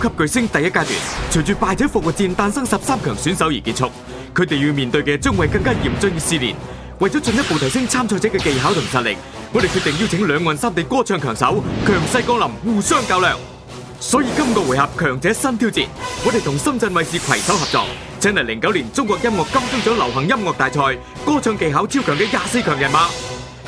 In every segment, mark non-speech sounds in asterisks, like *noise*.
級巨星第一階段，隨住敗者復活戰誕生十三強選手而結束，佢哋要面對嘅將會更加嚴峻嘅試煉。為咗進一步提升參賽者嘅技巧同實力，我哋決定邀請兩岸三地歌唱強手強勢降臨，互相較量。所以今個回合強者新挑戰，我哋同深圳衛視攜手合作，請嚟零九年中國音樂金鐘獎流行音樂大賽歌唱技巧超強嘅廿四強人馬。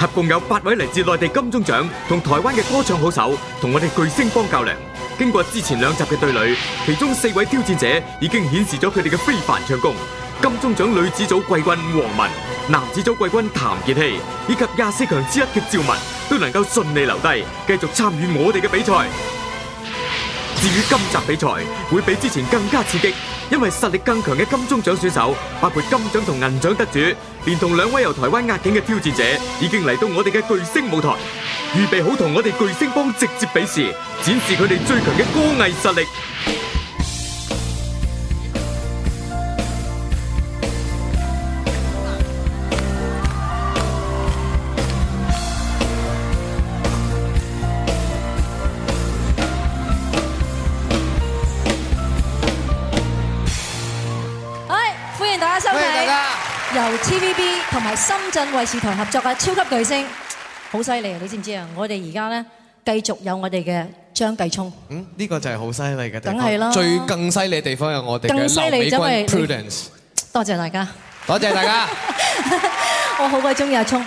合共有八位嚟自內地金鐘獎同台灣嘅歌唱好手同我哋巨星幫較量。經過之前兩集嘅對壘，其中四位挑戰者已經顯示咗佢哋嘅非凡唱功。金鐘獎女子組季軍王文、男子組季軍譚杰希以及廿四強之一嘅趙文都能夠順利留低，繼續參與我哋嘅比賽。至於今集比賽會比之前更加刺激，因為實力更強嘅金鐘獎選手，包括金獎同銀獎得主。連同兩位由台灣壓境嘅挑戰者，已經嚟到我哋嘅巨星舞台，預備好同我哋巨星幫直接比試，展示佢哋最強嘅歌藝實力。B B 同埋深圳衛視台合作嘅超級巨星，好犀利啊！你知唔知啊？我哋而家咧繼續有我哋嘅張繼聰。嗯，呢個就係好犀利嘅地方。最更犀利嘅地方有我哋更犀利 Prudence。多謝大家，多謝大家。我好鬼中意阿聰，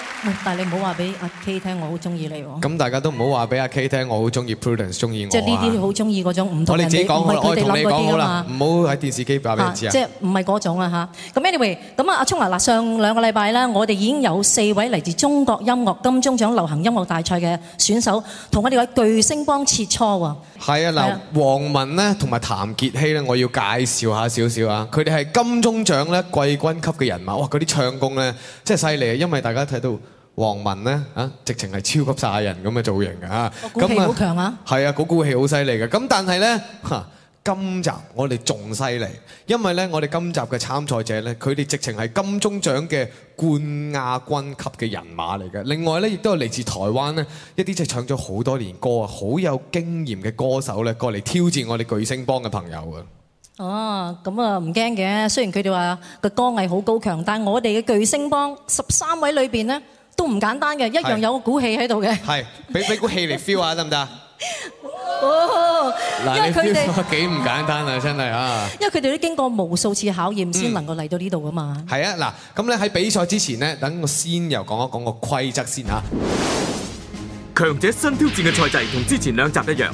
但係你唔好話俾阿 K 聽，我好中意你喎。咁大家都唔好話俾阿 K 聽，我好中意 Prudence，中意我。即係呢啲好中意嗰種唔同人哋唔係佢哋諗嗰啲好嘛。唔好喺電視機話俾你知啊。即係唔係嗰種啊嚇。咁 anyway，咁啊阿聰啊嗱，上兩個禮拜咧，我哋已經有四位嚟自中國音樂金鐘獎流行音樂大賽嘅選手，同我哋位巨星幫切磋喎。係啊嗱，黃文咧同埋譚傑希咧，我要介紹下少少啊。佢哋係金鐘獎咧貴賓級嘅人馬，哇！嗰啲唱功咧，即係細。嚟，因為大家睇到黃文咧，啊，直情係超級殺人咁嘅造型嘅嚇，咁強啊，係啊，嗰股氣好犀利嘅。咁但係呢，啊，今集我哋仲犀利，因為呢，我哋今集嘅參賽者咧，佢哋直情係金鐘獎嘅冠亞軍級嘅人馬嚟嘅。另外呢，亦都係嚟自台灣咧，一啲即係唱咗好多年歌啊，好有經驗嘅歌手咧，過嚟挑戰我哋巨星幫嘅朋友嘅。哦，咁啊唔驚嘅。雖然佢哋話個歌藝好高強，但係我哋嘅巨星幫十三位裏邊呢，都唔簡單嘅，一樣有股氣喺度嘅。係，俾俾股氣嚟 feel 下得唔得？哇！ *laughs* 嗱、哦，因為你 feel 到幾唔簡單啊，真係啊！因為佢哋都經過無數次考驗先能夠嚟到呢度㗎嘛。係啊，嗱，咁咧喺比賽之前呢，等我先又講一講個規則先嚇。強者新挑戰嘅賽制同之前兩集一樣。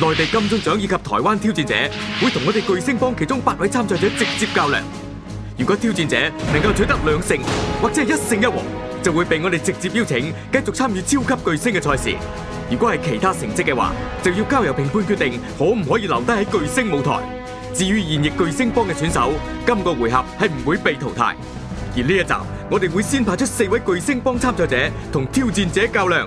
內地金鐘獎以及台灣挑戰者會同我哋巨聲幫其中八位參賽者直接較量。如果挑戰者能夠取得兩勝，或者一勝一和，就會被我哋直接邀請繼續參與超級巨聲嘅賽事。如果係其他成績嘅話，就要交由評判決定可唔可以留低喺巨聲舞台。至於現役巨聲幫嘅選手，今個回合係唔會被淘汰。而呢一集我哋會先派出四位巨聲幫參賽者同挑戰者較量。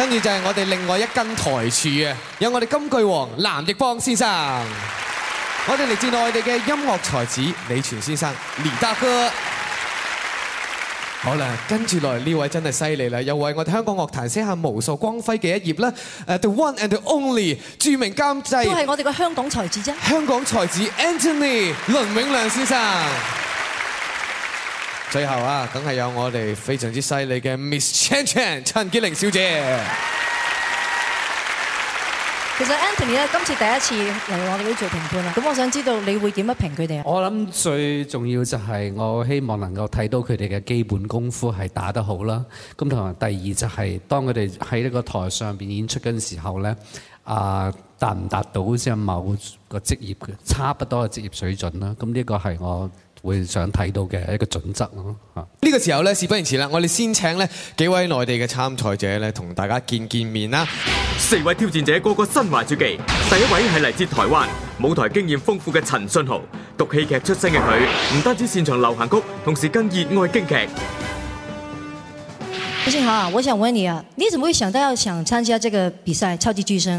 跟住就係我哋另外一根台柱啊！有我哋金句王藍奕邦先生，我哋嚟自內地嘅音樂才子李泉先生，李大哥。好啦，跟住落嚟呢位真係犀利啦，又為我哋香港樂壇寫下無數光輝嘅一頁啦！誒，The One and Only 著名監製，都係我哋嘅香港才子啫。香港才子 Anthony 倫永亮先生。最後啊，梗係有我哋非常之犀利嘅 Miss Chan Chan 陳潔玲小姐。其實 Anthony 咧今次第一次嚟我哋呢度做評判啦。咁我想知道你會點樣評佢哋啊？我諗最重要就係我希望能夠睇到佢哋嘅基本功夫係打得好啦。咁同埋第二就係當佢哋喺呢個台上面演出嘅時候咧，啊達唔達到好似某個職業嘅差不多嘅職業水準啦？咁呢個係我。會想睇到嘅一個準則咯嚇。呢個時候咧，事不宜遲啦，我哋先請呢幾位內地嘅參賽者咧，同大家見見面啦。四位挑戰者個個身懷絕技，第一位係嚟自台灣舞台經驗豐富嘅陳信豪，讀戲劇出身嘅佢，唔單止擅長流行曲，同時更熱愛京劇。陳信豪，我想問你啊，你怎麼會想到要想參加這個比賽《超級巨星》？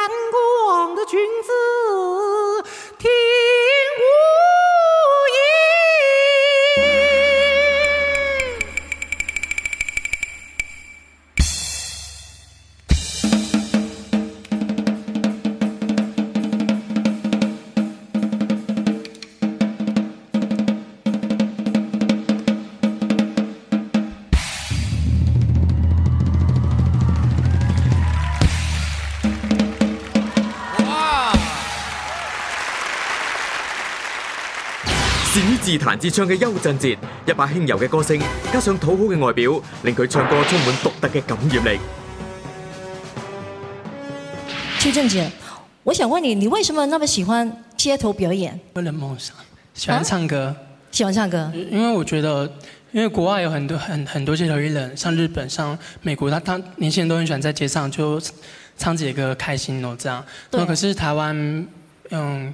彈自唱嘅邱振哲，一把輕柔嘅歌聲，加上討好嘅外表，令佢唱歌充滿獨特嘅感染力。邱振哲，我想問你，你為什麼那麼喜歡街頭表演？個人夢想，喜歡唱歌，喜歡唱歌。因為我覺得，因為國外有很多、很很多街頭藝人，像日本、像美國，他他年輕人都很喜歡在街上就唱自己歌，開心咯，這樣。但可是台灣，嗯。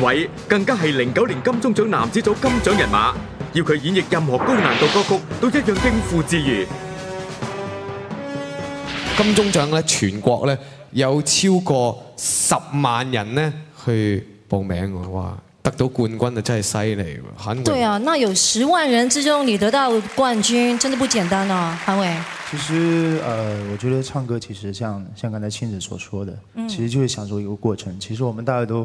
偉更加係零九年金鐘獎男子組金獎人馬，要佢演繹任何高難度歌曲都一樣應付自如。金鐘獎咧，全國咧有超過十萬人咧去報名，哇！得到冠軍的真係犀利。韓偉，對啊，那有十萬人之中，你得到冠軍真的不簡單啊，韓偉。其實，誒，我覺得唱歌其實像，像剛才親子所說的，其實就是享受一個過程。其實我們大家都。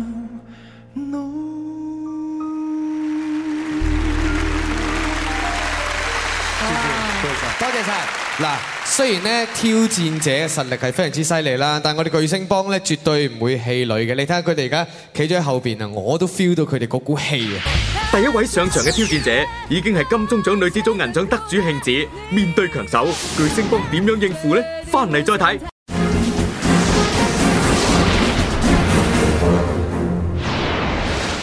嗱，雖然咧挑戰者的實力係非常之犀利啦，但我哋巨星幫咧絕對唔會氣餒嘅。你睇下佢哋而家企咗喺後邊啊，我都 feel 到佢哋嗰股氣啊！第一位上場嘅挑戰者已經係金鐘獎女子組銀獎得主慶子，面對強手巨星幫點樣應付呢？翻嚟再睇。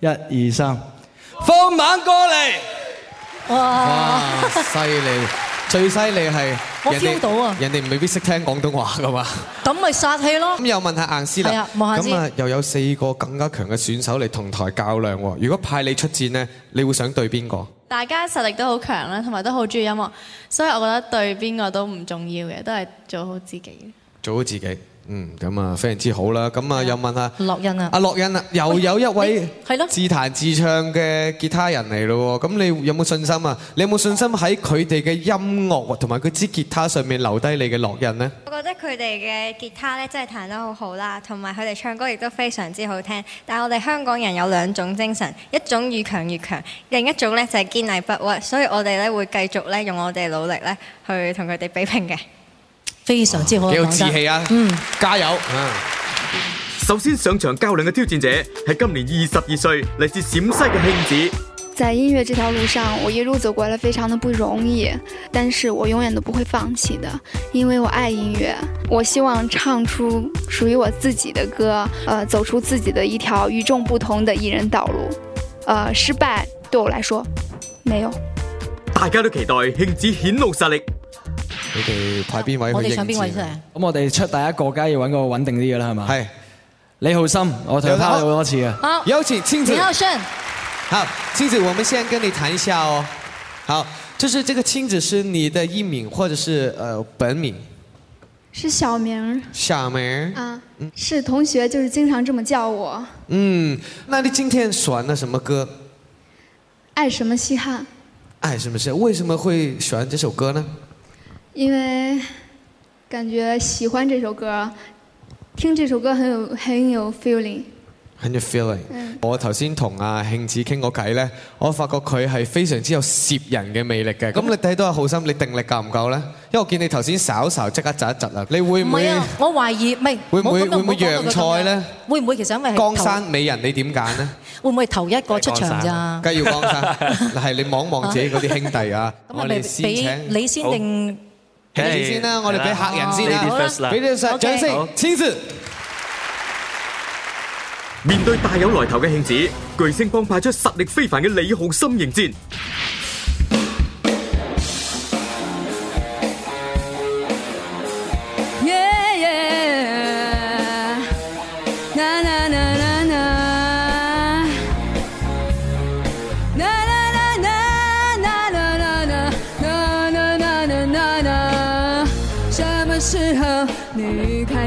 一二三，放猛過嚟！哇，犀利， *laughs* 最犀利係我聽到啊。人哋未必識聽廣東話噶嘛。咁咪殺氣咯。咁又問下晏師啦，咁啊又有四個更加強嘅選手嚟同台較量。如果派你出戰呢，你會想對邊個？大家實力都好強啦，同埋都好中意音樂，所以我覺得對邊個都唔重要嘅，都係做好自己。做好自己。嗯，咁啊，非常之好啦。咁啊，又問下樂欣啊，阿樂欣啊，又有一位自彈自唱嘅吉他人嚟咯。咁你，你有冇信心啊？你有冇信心喺佢哋嘅音樂同埋佢支吉他上面留低你嘅烙印呢？我覺得佢哋嘅吉他咧真係彈得好好啦，同埋佢哋唱歌亦都非常之好聽。但係我哋香港人有兩種精神，一種越強越強，另一種咧就係堅毅不屈。所以我哋咧會繼續咧用我哋努力咧去同佢哋比拼嘅。非常之好，有志氣啊！嗯，加油、嗯！首先上場較量嘅挑戰者係今年二十二歲嚟自陝西嘅慶子。在音樂這條路上，我一路走過來非常的不容易，但是我永遠都不會放棄的，因為我愛音樂。我希望唱出屬於我自己的歌，呃，走出自己的一條與眾不同的藝人道路。呃，失敗對我來說沒有。大家都期待慶子顯露實力。你哋派邊位？我哋上邊位出嚟。咁我哋出第一個，梗係要揾個穩定啲嘅啦，係咪？係。你好，心。我睇好多次啊。有請親子。好，親子，子，我們先跟你談一下哦。好，就是這個親子是你的藝名，或者是，呃，本名。是小名。小名。啊、uh,，是同學，就是經常這麼叫我。嗯，那你今天選了什麼歌？愛什麼稀罕？愛什麼稀？為什麼會選這首歌呢？因為感覺喜歡這首歌，聽這首歌很有很有 feeling。很有 feeling。我頭先同阿慶子傾過偈咧，我發覺佢係非常之有攝人嘅魅力嘅。咁你睇到阿浩森，你定力夠唔夠咧？因為我見你頭先稍稍即刻窒一窒啦，你會唔會？唔會啊！我懷疑，唔係會唔會會唔會讓菜咧？會唔會其實因為江山美人你點揀咧？會唔會頭一個出場咋？梗係要江山，係你望望自己嗰啲兄弟啊！我哋畀你先定。開始先啦，我哋俾客人先啦，俾啲實掌聲，千歲！面對大有來頭嘅慶子，巨星幫派出實力非凡嘅李浩心迎戰。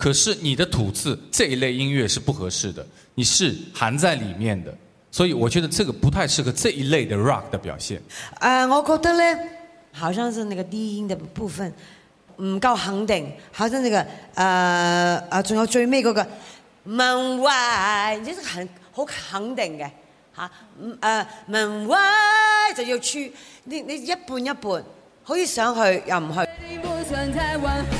可是你的吐字這一類音樂是不合適的，你是含在裏面的，所以我覺得這個不太適合這一類的 rock 的表現。啊、呃，我覺得咧，好像是那個低音的部分唔夠肯定，好像那個啊啊，仲、呃、有最尾嗰個門外，呢個係好肯定嘅，吓，呃門外就要出，你你一半一半，可以想去又唔去。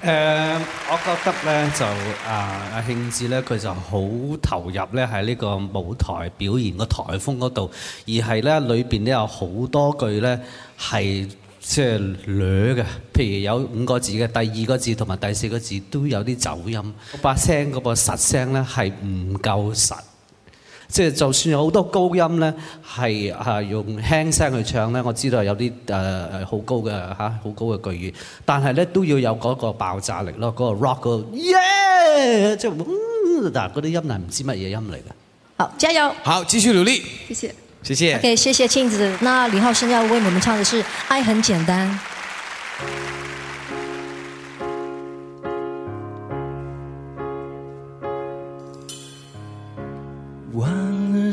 Uh, 我覺得咧就啊，阿、uh, 慶志咧佢就好投入咧喺呢個舞台表現個颱風嗰度，而係咧裏面都有好多句咧係即係攣嘅，譬如有五個字嘅第二個字同埋第四個字都有啲走音，我把聲嗰個實聲咧係唔夠實。即係就算有好多高音咧，係啊用輕聲去唱咧，我知道有啲誒誒好高嘅嚇，好高嘅句語，但係咧都要有嗰個爆炸力咯，嗰、嗰個 rock 嗰耶、yeah，即係嗯，嗰啲音係唔知乜嘢音嚟嘅。好，加油！好，繼續努力。謝謝，謝謝。OK，謝謝慶子。那李浩生要為你們唱嘅係《愛很簡單》。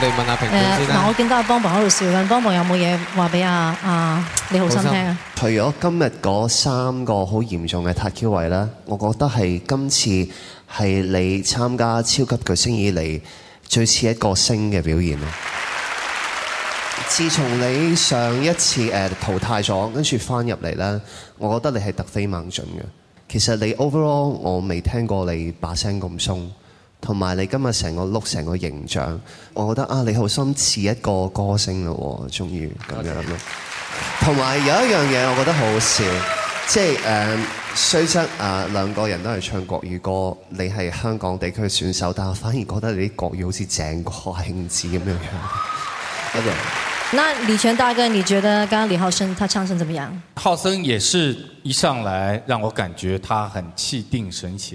我哋問下評判先嗱，我見到阿邦伯喺度笑緊，邦伯有冇嘢話俾阿阿李好心聽啊？除咗今日嗰三個好嚴重嘅塔 Q 位咧，我覺得係今次係你參加超級巨星以嚟最似一個星嘅表現咯。自從你上一次誒淘汰咗，跟住翻入嚟咧，我覺得你係突飛猛進嘅。其實你 overall 我未聽過你把聲咁鬆。同埋你今日成個 look 成個形象，我覺得啊你好心似一個歌星咯，終於咁樣咯。同埋有，有一樣嘢，我覺得好笑，即係誒雖則啊兩個人都係唱國語歌，你係香港地區的選手，但係反而覺得你啲國語好似正過興子咁樣樣。嗰個。 *laughs* 那李泉大哥，你覺得剛剛李浩森他唱聲怎麼樣？浩森也是一上來，讓我感覺他很氣定神閒。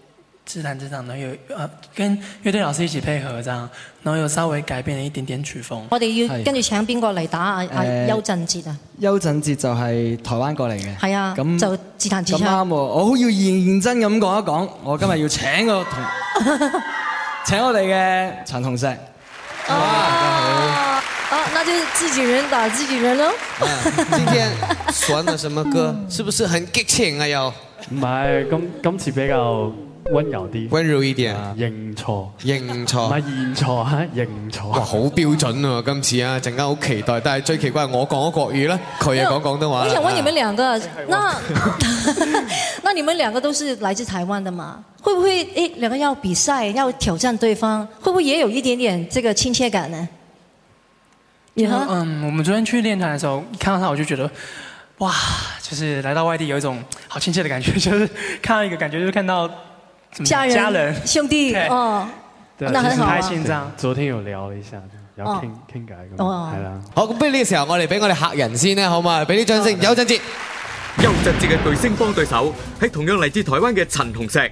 自彈自唱，呃、啊，跟樂隊老師一起配合，這樣，然後又稍微改變了一點點曲風。我哋要跟住請邊個嚟打啊？邱振哲啊？邱振哲就係台灣過嚟嘅。係啊。咁就自彈自唱。咁啱我好要認認真咁講一講，我今日要請個同， *laughs* 請我哋嘅陳同學。啊，好、啊啊。啊，那就自己人打自己人咯、啊。今天選咗 *laughs* 什麼歌？是不是很激情啊？又唔係，今今次比較。溫柔啲，溫柔啲啊！認錯，認錯，唔係認錯嚇，認錯。哇，好、啊、標準啊，今次啊，陣間好期待。但係最奇怪我講咗國語咧，佢又講廣東話。我想問你們兩個，啊、那 *laughs* *laughs* 那你們兩個都是來自台灣的嘛？會不會誒、欸？兩個要比賽，要挑戰對方，會不會也有一點點這個親切感呢？你呢？嗯， *laughs* 我們昨天去練團的時候，一看到他我就覺得，哇！就是來到外地有一種好親切的感覺，就是看到一個感覺，就是看到。家人，家人、兄弟，哦、okay. oh.，那很開心、啊就是、昨天有聊了一下，有傾偈咁係啦、oh.。好咁，那不如呢個時候我哋俾我哋客人先啦，好嘛？俾啲掌聲、oh.，邱振杰。邱振杰嘅巨星幫對手，係同樣嚟自台灣嘅陳同石。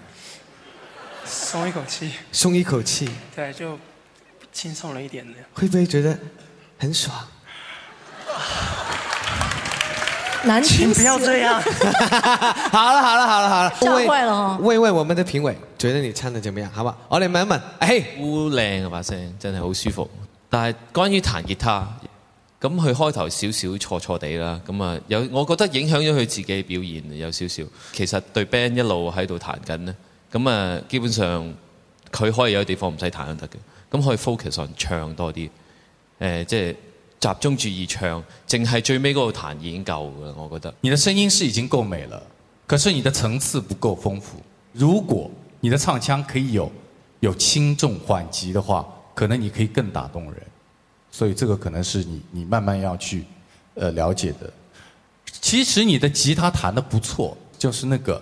鬆一口氣，鬆一口氣，對，就輕鬆了一點的。呢會不會覺得很爽？男青不要這樣。好了好了好了好了，喂喂，嚇壞了哦！問一問我們的評委，覺得你唱得怎麼樣？好唔好、嗯？我哋問一問，哎、hey，好靚啊把聲，真係好舒服。但係關於彈吉他，咁、嗯、佢開頭少少錯錯地啦，咁啊有，我覺得影響咗佢自己表現有少少。其實，對 band 一路喺度彈緊呢。咁啊，基本上佢可以有地方唔使彈都得嘅，咁可以 focus on 唱多啲，誒、呃，即係集中注意唱，淨係最尾嗰彈已經夠啦，我覺得。你的聲音是已經夠美了，可是你的層次不夠豐富。如果你的唱腔可以有有輕重緩急的話，可能你可以更打動人。所以這個可能是你你慢慢要去，呃了解的。其實，你的吉他彈得不錯，就是那個。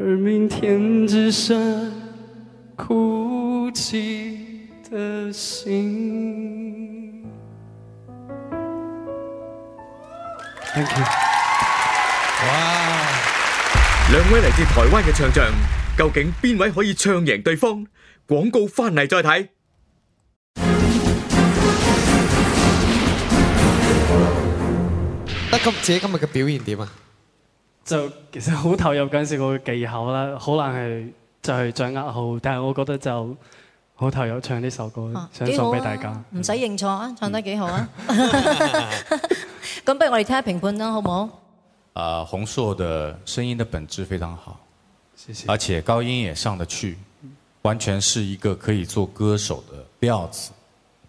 而明天只剩哭泣的心。Thank you。哇，兩位嚟自台灣嘅唱將，究竟邊位可以唱贏對方？廣告翻嚟再睇。得及自己今日嘅表現點啊？就其實好投入嗰陣我嘅技巧啦，好難係就係掌握好。但係我覺得就好投入唱呢首歌，想送俾大家。唔使、啊、認錯啊，唱得幾好啊！咁 *laughs* *laughs* 不如我哋聽下評判啦，好唔好？啊，洪碩的聲音的本質非常好，謝謝，而且高音也上得去，完全是一個可以做歌手的料子。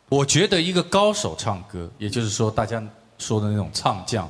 我覺得一個高手唱歌，也就是說大家說的那種唱將。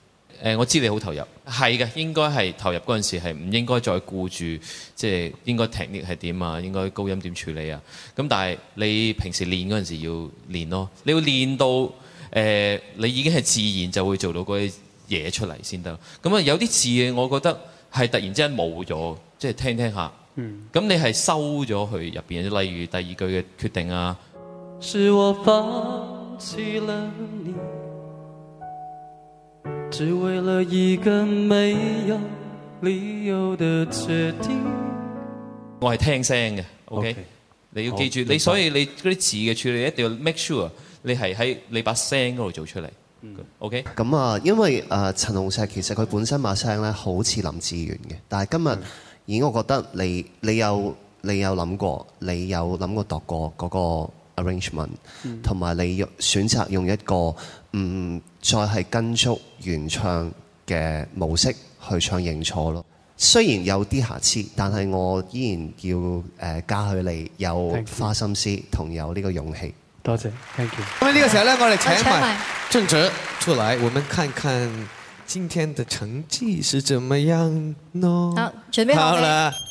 誒，我知你好投入，係嘅，應該係投入嗰陣時係唔應該再顧住，即係應該 technique 係點啊，應該高音點處理啊。咁但係你平時練嗰陣時要練咯，你要練到誒，你已經係自然就會做到嗰啲嘢出嚟先得。咁啊，有啲字我覺得係突然之間冇咗，即係聽聽下，咁、嗯、你係收咗佢入邊。例如第二句嘅決定啊。是我放只為了一個沒有理由的決定，我是的。我係聽聲嘅，OK？你要記住，oh, 你所以你嗰啲字嘅處理一定要 make sure，你係喺你把聲嗰度做出嚟，mm.，OK？咁啊，因為誒陳龍石其實佢本身把聲咧好似林志炫嘅，但係今日，已經我覺得你你有、mm. 你有諗過，你有諗過度過嗰、那個。Arrangement，同、嗯、埋你用選擇用一個唔再係跟足原唱嘅模式去唱認錯咯。雖然有啲瑕疵，但係我依然要誒嘉許你有花心思同有呢個勇氣。多謝，thank you。咁、這個、呢個時候咧，我哋請埋鄭出來，我們看看今天嘅成績是怎麼樣咯。好，準備好。好。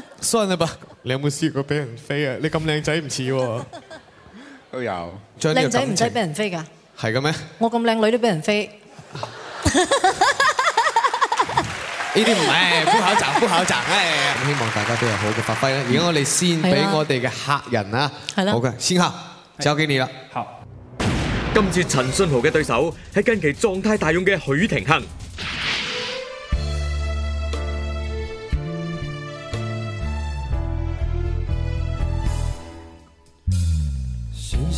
信啦吧，你有冇試過俾人飛啊？你咁靚仔唔似喎。都有。靚仔唔使俾人飛噶係咁咩？我咁靚女都俾人飛。呢啲唔係，不好爭，不好爭。咁希望大家都有好嘅發揮啦。而家我哋先俾我哋嘅客人啊，好嘅，先客，周建年啦。好，今次陳信豪嘅對手係近期狀態大勇嘅許廷鏗。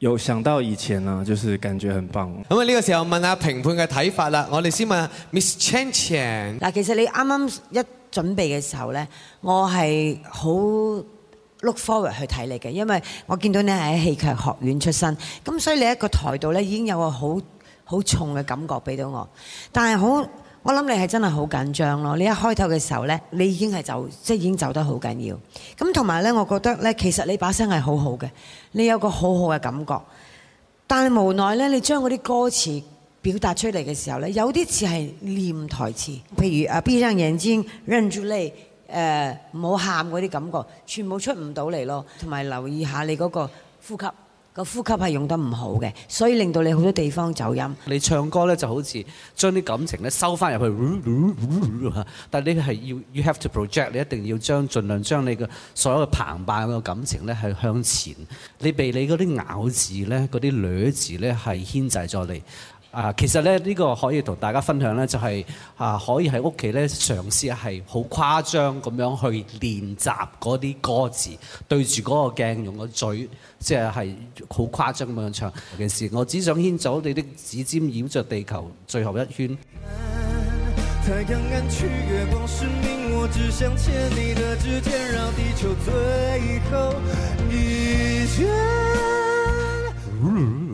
有想到以前啊，就是感覺很棒。咁啊，呢個時候問下評判嘅睇法啦。我哋先問，問 Miss Chen Chen 嗱，其實你啱啱一準備嘅時候咧，我係好 look forward 去睇你嘅，因為我見到你係喺戲劇學院出身，咁所以你一個台度咧已經有個好好重嘅感覺俾到我，但係好。我諗你係真係好緊張咯！你一開頭嘅時候咧，你已經係走，即係已經走得好緊要。咁同埋咧，我覺得咧，其實你把聲係好好嘅，你有個好好嘅感覺。但係無奈咧，你將嗰啲歌詞表達出嚟嘅時候咧，有啲似係念台詞，譬如啊，閉上眼睛，忍住淚，誒、呃，唔好喊嗰啲感覺，全部出唔到嚟咯。同埋留意下你嗰個呼吸。個呼吸係用得唔好嘅，所以令到你好多地方走音。你唱歌咧就好似將啲感情咧收翻入去，但你係要，you have to project，你一定要將盡量將你嘅所有嘅澎湃嘅感情咧係向前。你被你嗰啲咬字咧、嗰啲掠字咧係牽制咗你。啊，其實咧呢個可以同大家分享呢就係、是、啊可以喺屋企呢，嘗試係好誇張咁樣去練習嗰啲歌詞，對住嗰個鏡用個嘴，即係係好誇張咁樣唱。其實。我只想牽走你的指尖，繞著地球最後一圈。嗯。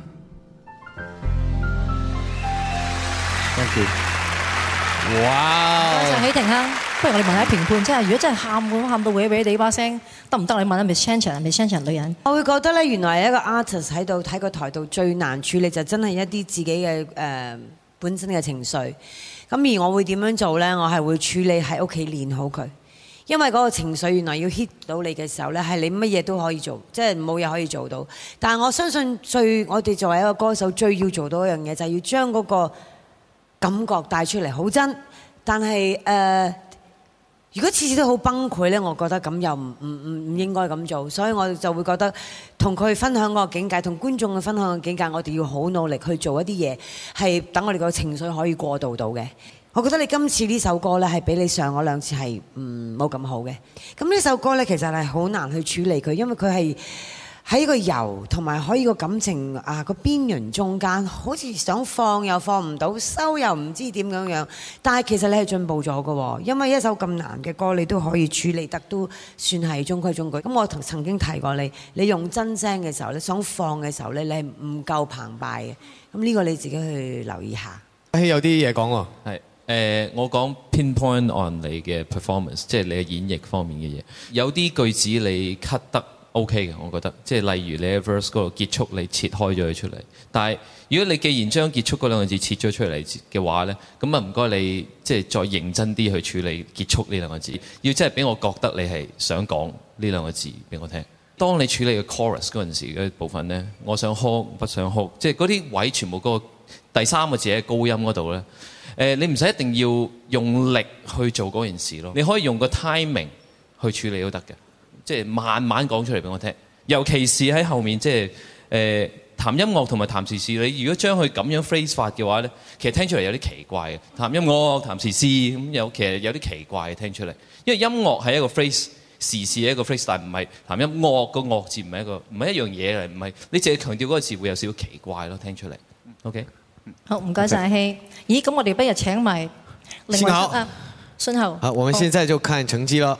哇！阿喜婷啊，不如我哋問下評判，即係如果真係喊咁喊到鬼鬼地，呢把聲得唔得？你問下 Michelle 啊 Michelle 女人。我會覺得咧，原來一個 artist 喺度睇個台度最難處理就真係一啲自己嘅誒、呃、本身嘅情緒。咁而我會點樣做咧？我係會處理喺屋企練好佢，因為嗰個情緒原來要 hit 到你嘅時候咧，係你乜嘢都可以做，即係冇嘢可以做到。但係我相信最我哋作為一個歌手最要做到一樣嘢，就係要將嗰個。感覺帶出嚟好真，但係、呃、如果次次都好崩潰呢，我覺得咁又唔唔唔唔應該咁做，所以我就會覺得同佢分享嗰個境界，同觀眾嘅分享嘅境界，我哋要好努力去做一啲嘢，係等我哋個情緒可以過渡到嘅。我覺得你今次呢首歌呢，係比你上嗰兩次係唔冇咁好嘅。咁呢首歌呢，其實係好難去處理佢，因為佢係。喺呢個油同埋可以個感情啊個邊緣中間，好似想放又放唔到，收又唔知點咁樣。但係其實你係進步咗㗎，因為一首咁難嘅歌，你都可以處理得都算係中規中矩。咁我曾經提過你，你用真聲嘅時候你想放嘅時候咧，你係唔夠澎湃嘅。咁呢個你自己去留意一下。有啲嘢講喎，係、呃、我講 pinpoint on 你嘅 performance，即係你嘅演繹方面嘅嘢。有啲句子你 cut 得。O.K. 嘅，我覺得即係例如你喺 verse 嗰度結束你，你切開咗佢出嚟。但係如果你既然將結束嗰兩個字切咗出嚟嘅話呢，咁啊唔該你即係、就是、再認真啲去處理結束呢兩個字。要即係俾我覺得你係想講呢兩個字俾我聽。當你處理嘅 chorus 嗰陣時嘅部分呢，我想哭不想哭，即係嗰啲位全部嗰個第三個字喺高音嗰度呢。你唔使一定要用力去做嗰件事咯，你可以用個 timing 去處理都得嘅。即、就、係、是、慢慢講出嚟俾我聽，尤其是喺後面即係誒談音樂同埋談時事。你如果將佢咁樣 phrase 法嘅話咧，其實聽出嚟有啲奇怪嘅。談音樂談時事咁有，其實有啲奇怪嘅聽出嚟。因為音樂係一個 phrase，時事係一個 phrase，但係唔係談音樂個樂字唔係一個唔係一樣嘢嚟，唔係你淨係強調嗰個字會有少少奇怪咯，聽出嚟。OK，好唔該曬希。謝謝 okay. hey. Hey. 咦，咁我哋不如請埋。你好，孫、啊、浩。好，我們現在就看成績啦。Oh.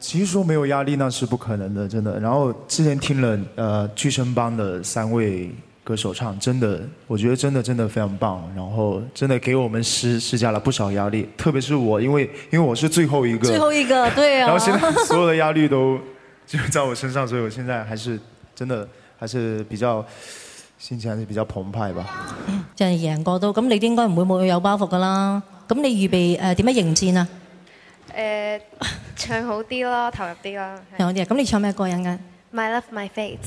其實說沒有壓力那是不可能的，真的。然後之前聽了，呃，巨聲幫的三位歌手唱，真的，我覺得真的真的非常棒。然後真的給我們施施加了不少壓力，特別是我，因為因為我是最後一個。最後一個，對啊。然後現在所有的壓力都就在我身上，所以我現在還是真的還是比較心情還是比較澎湃吧。就贏過都，咁你應該唔會冇有包袱㗎啦。咁你預備呃點樣迎戰啊？誒唱好啲咯，投入啲咯，好啲啊！咁你唱咩個人嘅？My love, my fate。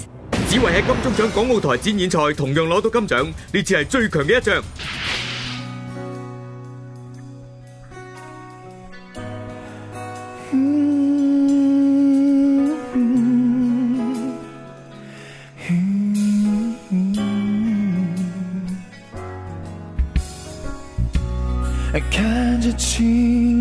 只為喺金鐘獎港澳台展演賽同樣攞到金獎，呢次係最強嘅一仗。嗯。看着晴。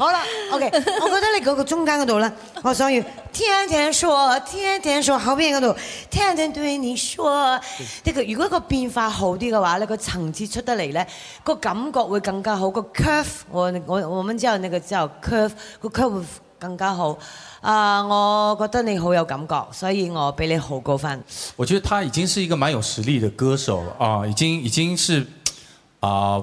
好啦，OK，我覺得你嗰個中間嗰度咧，我想要聽聽說，聽聽說，後邊嗰度聽聽對你說。的、呢個如果個變化好啲嘅話咧，個層次出得嚟咧，個感覺會更加好。個 curve，我我我問之後，你、個之後 curve 個 curve 會更加好。啊，我覺得你好有感覺，所以我俾你好高分。我覺得他已經是一個蠻有實力嘅歌手啦，啊，已經已經是啊。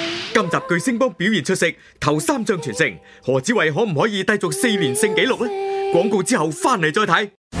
今集巨星幫表現出色，頭三仗全勝，何志偉可唔可以繼續四連勝紀錄呢？廣告之後翻嚟再睇。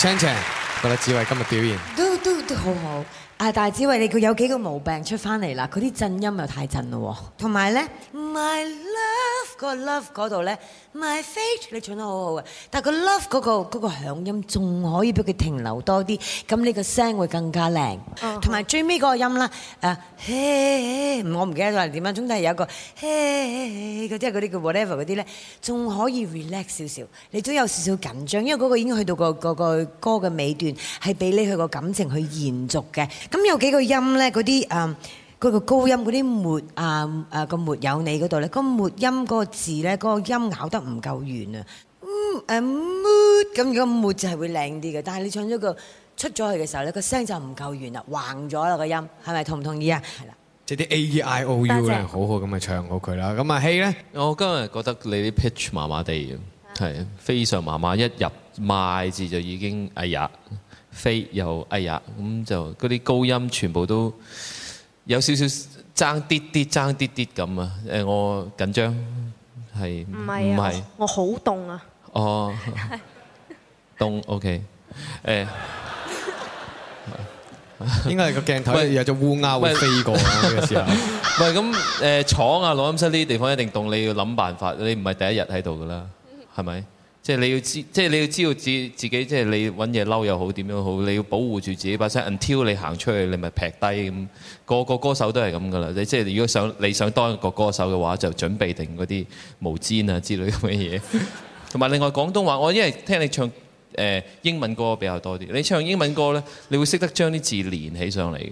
Change 覺得紫慧今日表現都都都好好，啊但係紫慧你佢有幾個毛病出翻嚟啦，佢啲震音又太震咯，同埋咧。嗰個 love 嗰度咧，my fate 你唱得好好嘅，但係、嗰個 love 嗰、嗰個嗰、嗰個、響音仲可以俾佢停留多啲，咁你個聲會更加靚。同、哦、埋最尾嗰個音啦，誒，我唔記得咗係點樣，總之係有一個嘿嘿嘿，嗰啲嗰啲叫 whatever 嗰啲咧，仲可以 relax 少少，你都有少少緊張，因為嗰個已經去到、嗰個、嗰個歌嘅尾段，係俾你去個感情去延續嘅。咁有幾個音咧，嗰啲誒。嗯嗰個高音嗰啲末啊啊個末有你嗰度咧，個末音嗰個字咧，嗰個音咬得唔夠圓啊，誒末咁樣末就係會靚啲嘅，但係你唱咗個出咗去嘅時候咧，個聲就唔夠圓啦，橫咗啦個音，係咪同唔同意啊？係啦，即係啲 A E I O U 咧，好好咁咪唱好佢啦。咁啊氣咧，我今日覺得你啲 pitch 麻麻地嘅，係啊非常麻麻，一入賣字就已經哎呀飛又哎呀，咁就嗰啲高音全部都。有少少爭啲啲，爭啲啲咁啊！誒，我緊張係唔係？我好凍啊！哦，凍 OK。誒，應該係個鏡頭有隻烏鴉會飛過啊！嘅時候，唔係咁，誒廠啊，錄音室呢啲地方一定凍，你要諗辦法。你唔係第一日喺度噶啦，係咪？即係你要知，即係你要知道自自己，即係你揾嘢嬲又好點樣好，你要保護住自己把聲。Until 你行出去，你咪劈低。咁個個歌手都係咁噶啦，你即係如果想你想當一個歌手嘅話，就準備定嗰啲毛尖啊之類咁嘅嘢。同 *laughs* 埋另外廣東話，我因為聽你唱誒英文歌比較多啲，你唱英文歌呢，你會識得將啲字連起上嚟嘅，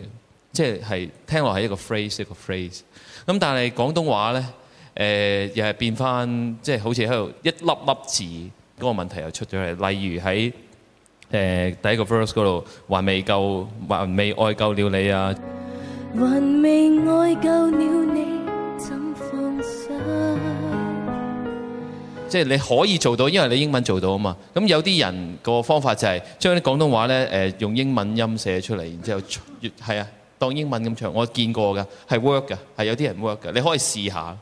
即係係聽落係一個 phrase 一個 phrase。咁但係廣東話呢，呃又係變翻即係好似喺度一粒粒字。嗰、那個問題又出咗嚟，例如喺誒、呃、第一個 verse 嗰度，還未夠，還未愛夠了你啊！還未愛夠了你，怎放手？即係你可以做到，因為你英文做到啊嘛。咁有啲人個方法就係將啲廣東話咧誒、呃、用英文音寫出嚟，然之後越係啊，當英文咁唱。我見過㗎，係 work 㗎，係有啲人 work 㗎。你可以試下。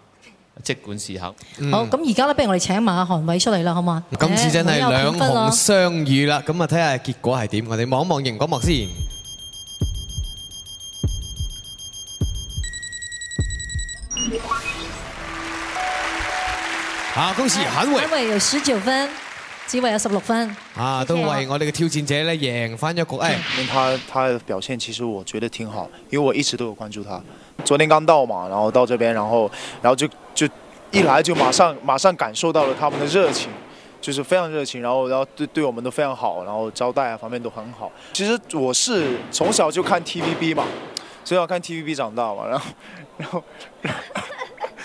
即管試考。好，咁而家咧，不如我哋請埋阿韓偉出嚟啦，好嘛？今次真係兩雄相遇啦，咁啊睇下結果係點。我哋望一望熒光幕先。好，恭喜韓偉。韓偉有十九分。只為有十六分啊！都為我哋嘅挑戰者咧贏翻一局。誒、哎，他他的表現其實我覺得挺好，因為我一直都有關注他。昨天剛到嘛，然後到這邊，然後然後就就一來就馬上馬上感受到了他們的熱情，就是非常熱情，然後然後對對我們都非常好，然後招待啊方面都很好。其實我是從小就看 TVB 嘛，從小看 TVB 長大嘛，然後然後。然後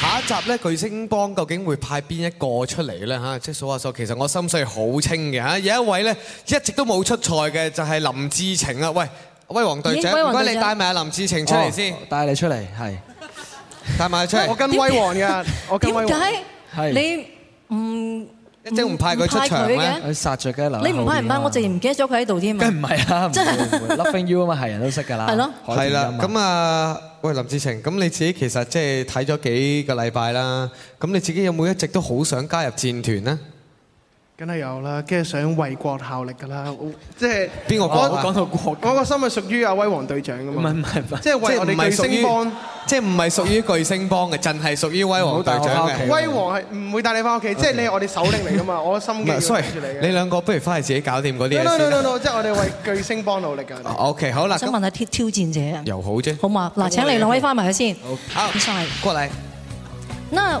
下一集咧，巨星幫究竟會派邊一個出嚟咧？吓，即係數下數，其實我心水好清嘅吓，有一位咧一直都冇出賽嘅，就係林志晴啊！喂，威王隊長，唔該你帶埋阿林志晴出嚟先，我帶你出嚟，係帶埋出嚟。我跟威王嘅，我跟威王。但係你唔。即唔派佢出場咩？佢殺着雞啦！你唔派唔派，我直然唔記得咗佢喺度添。梗唔係啦，唔係 Loving You 啊嘛，係人都識㗎啦。係 *laughs* 咯，係啦。咁啊，喂，林志晴，咁你自己其實即係睇咗幾個禮拜啦。咁你自己有冇一直都好想加入戰團呢？梗係有啦，跟住想為國效力噶啦，即係邊個講講到國？我個心係屬於阿威王隊長噶嘛？唔係唔係，即係為我哋巨星幫，即係唔係屬於巨星幫嘅，淨係屬於威王隊長嘅。威王係唔會帶你翻屋企，即係你係我哋首領嚟噶嘛？我心記住你。你兩個不如翻去自己搞掂嗰啲。唔好唔好，即係我哋為巨星幫努力㗎。OK，好啦，咁想問下挑挑戰者，又好啫。好嘛，嗱，請你兩位翻埋去先。好，好，過嚟。嗱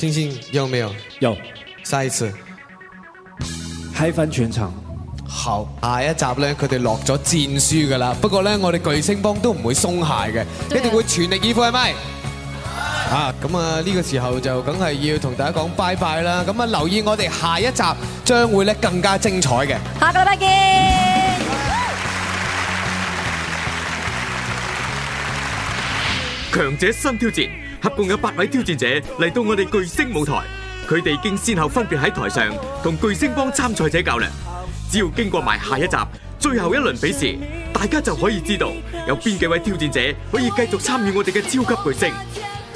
星星有冇有？上一次嗨翻全場，好！下一集咧，佢哋落咗戰書噶啦。不過咧，我哋巨聲幫都唔會鬆懈嘅，一定會全力以赴係咪？啊，咁啊，呢個時候就梗係要同大家講拜拜啦。咁啊，留意我哋下一集將會咧更加精彩嘅。下個禮拜見！強者新挑戰。合共有八位挑戰者嚟到我哋巨星舞台，佢哋已經先後分別喺台上同巨星幫參賽者較量。只要經過埋下一集最後一輪比試，大家就可以知道有邊幾位挑戰者可以繼續參與我哋嘅超級巨星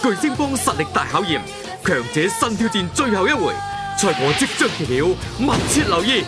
巨星幫實力大考驗，強者新挑戰最後一回，賽果即將揭曉，密切留意。